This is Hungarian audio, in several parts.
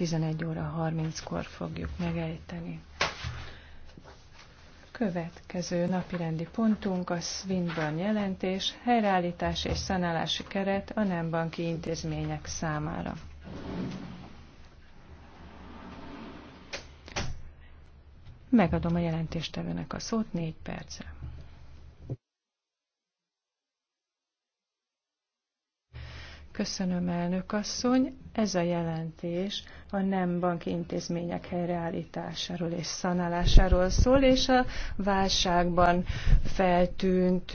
11 óra 30-kor fogjuk megejteni. Következő napirendi pontunk a Swinburne jelentés, helyreállítás és szanálási keret a nem banki intézmények számára. Megadom a jelentéstevőnek a szót négy percre. Köszönöm, elnök asszony. Ez a jelentés a nem banki intézmények helyreállításáról és szanálásáról szól, és a válságban feltűnt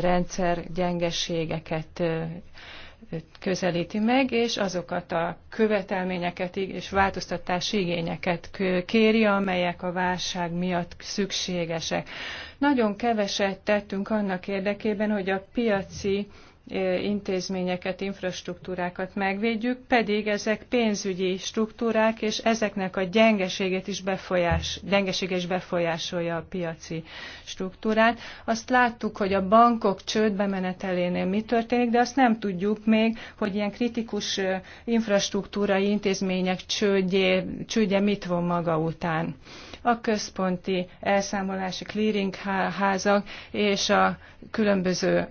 rendszer gyengeségeket közelíti meg, és azokat a követelményeket és változtatási igényeket kéri, amelyek a válság miatt szükségesek. Nagyon keveset tettünk annak érdekében, hogy a piaci intézményeket, infrastruktúrákat megvédjük, pedig ezek pénzügyi struktúrák, és ezeknek a gyengeségét is befolyás, gyengesége is befolyásolja a piaci struktúrát. Azt láttuk, hogy a bankok csődbe menetelénél mi történik, de azt nem tudjuk még, hogy ilyen kritikus infrastruktúrai intézmények csődje, csődje mit von maga után a központi elszámolási clearingházak és a különböző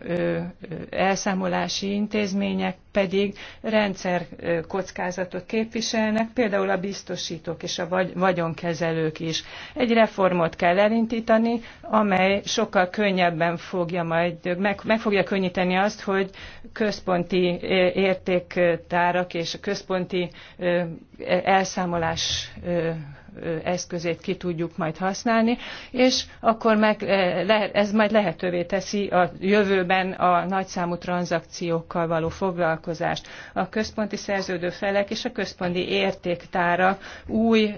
elszámolási elszámolási intézmények pedig rendszerkockázatot képviselnek, például a biztosítók és a vagyonkezelők is. Egy reformot kell elindítani, amely sokkal könnyebben fogja majd, meg, meg fogja könnyíteni azt, hogy központi értéktárak és központi e-, elszámolás eszközét ki tudjuk majd használni, és akkor meg, ez majd lehetővé teszi a jövőben a nagyszámú tranzakciókkal való foglalkozást. A központi szerződő felek és a központi értéktára új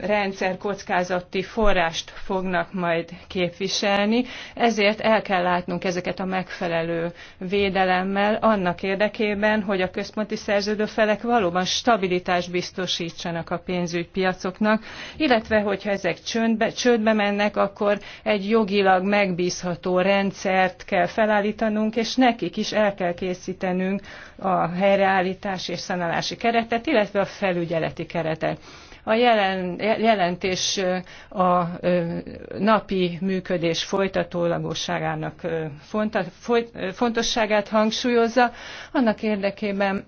rendszer kockázati forrást fognak majd képviselni, ezért el kell látnunk ezeket a megfelelő védelemmel annak érdekében, hogy a központi szerződő felek valóban stabilitást biztosítsanak a pénzügypiacoknak, illetve hogyha ezek csöndbe, csődbe mennek, akkor egy jogilag megbízható rendszert kell felállítanunk, és nekik is el kell készítenünk a helyreállítás és szanálási keretet, illetve a felügyeleti keretet. A jelen, jelentés a napi működés folytatólagosságának fontosságát hangsúlyozza, annak érdekében,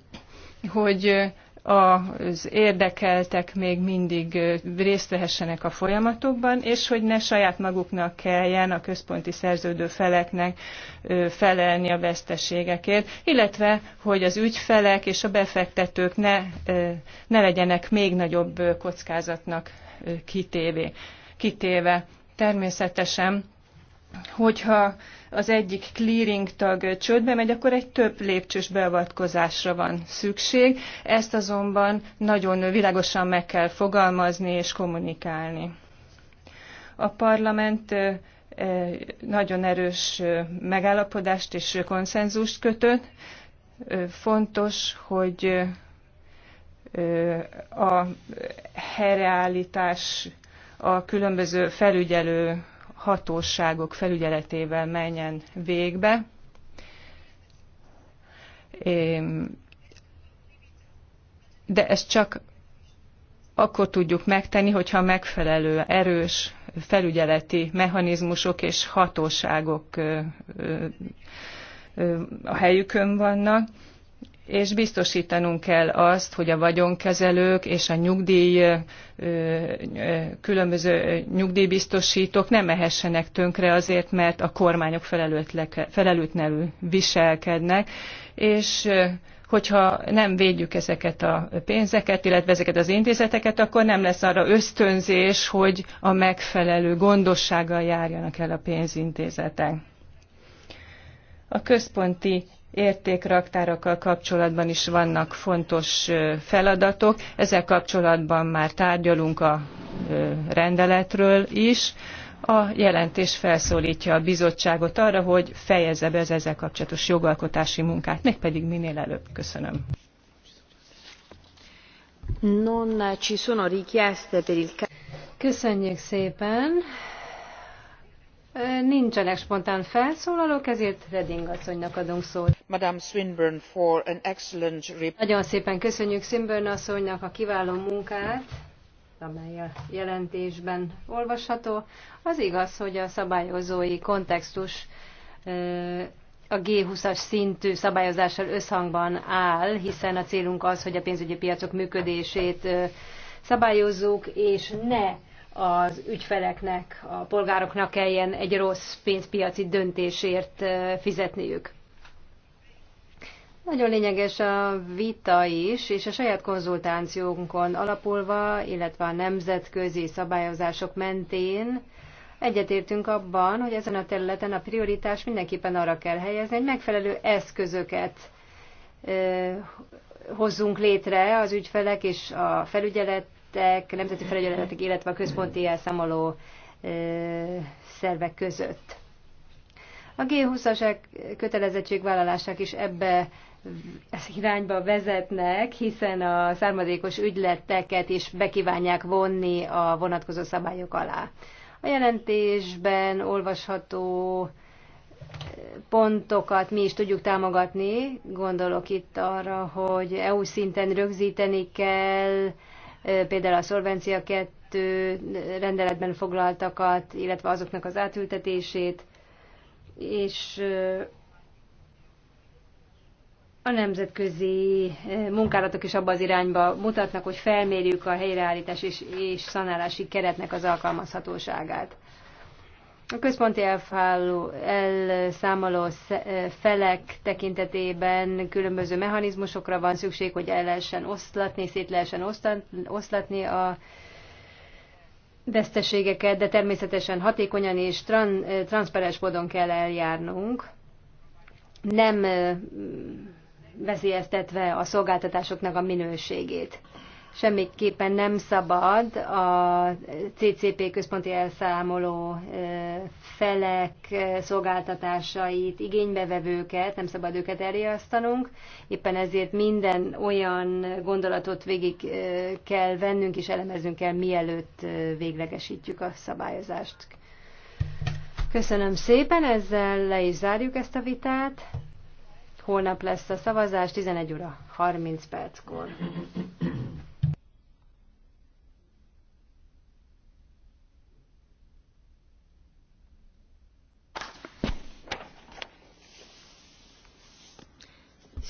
hogy az érdekeltek még mindig részt vehessenek a folyamatokban, és hogy ne saját maguknak kelljen a központi szerződő feleknek felelni a veszteségekért, illetve hogy az ügyfelek és a befektetők ne, ne legyenek még nagyobb kockázatnak kitéve. Természetesen hogyha az egyik clearing tag csődbe megy, akkor egy több lépcsős beavatkozásra van szükség. Ezt azonban nagyon világosan meg kell fogalmazni és kommunikálni. A parlament nagyon erős megállapodást és konszenzust kötött. Fontos, hogy a helyreállítás a különböző felügyelő hatóságok felügyeletével menjen végbe. De ezt csak akkor tudjuk megtenni, hogyha megfelelő erős felügyeleti mechanizmusok és hatóságok a helyükön vannak és biztosítanunk kell azt, hogy a vagyonkezelők és a nyugdíj, különböző nyugdíjbiztosítók nem mehessenek tönkre azért, mert a kormányok felelőtlenül viselkednek, és hogyha nem védjük ezeket a pénzeket, illetve ezeket az intézeteket, akkor nem lesz arra ösztönzés, hogy a megfelelő gondossággal járjanak el a pénzintézetek. A központi értékraktárakkal kapcsolatban is vannak fontos feladatok. Ezzel kapcsolatban már tárgyalunk a rendeletről is. A jelentés felszólítja a bizottságot arra, hogy fejezze be az ezzel kapcsolatos jogalkotási munkát, Meg pedig minél előbb. Köszönöm. Non ci sono richieste per il... Köszönjük szépen. Nincsenek spontán felszólalók, ezért Reding asszonynak adunk szót. Madame Swinburne for an excellent Nagyon szépen köszönjük Swinburne asszonynak a kiváló munkát, amely a jelentésben olvasható. Az igaz, hogy a szabályozói kontextus a G20-as szintű szabályozással összhangban áll, hiszen a célunk az, hogy a pénzügyi piacok működését szabályozzuk, és ne az ügyfeleknek, a polgároknak kelljen egy rossz pénzpiaci döntésért fizetniük. Nagyon lényeges a vita is, és a saját konzultációnkon alapulva, illetve a nemzetközi szabályozások mentén egyetértünk abban, hogy ezen a területen a prioritás mindenképpen arra kell helyezni, hogy megfelelő eszközöket hozzunk létre az ügyfelek és a felügyelet felügyeletek, nemzeti felügyeletek, illetve a központi elszámoló szervek között. A G20-as kötelezettségvállalások is ebbe irányba vezetnek, hiszen a származékos ügyleteket is bekívánják vonni a vonatkozó szabályok alá. A jelentésben olvasható pontokat mi is tudjuk támogatni. Gondolok itt arra, hogy EU szinten rögzíteni kell például a szolvencia 2 rendeletben foglaltakat, illetve azoknak az átültetését, és a nemzetközi munkálatok is abba az irányba mutatnak, hogy felmérjük a helyreállítás és, és szanálási keretnek az alkalmazhatóságát. A központi elfálló, elszámoló felek tekintetében különböző mechanizmusokra van szükség, hogy el lehessen oszlatni, szét lehessen oszlatni a veszteségeket, de természetesen hatékonyan és tran, transzparens módon kell eljárnunk, nem veszélyeztetve a szolgáltatásoknak a minőségét semmiképpen nem szabad a CCP központi elszámoló felek szolgáltatásait, igénybevevőket, nem szabad őket elriasztanunk. Éppen ezért minden olyan gondolatot végig kell vennünk és elemeznünk el mielőtt véglegesítjük a szabályozást. Köszönöm szépen, ezzel le is zárjuk ezt a vitát. Holnap lesz a szavazás 11 óra 30 perckor.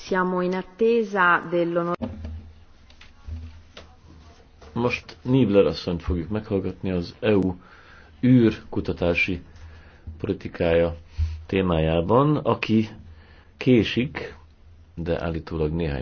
Siamo in attesa Most Nibler asszonyt fogjuk meghallgatni az EU űrkutatási politikája témájában, aki késik, de állítólag néhány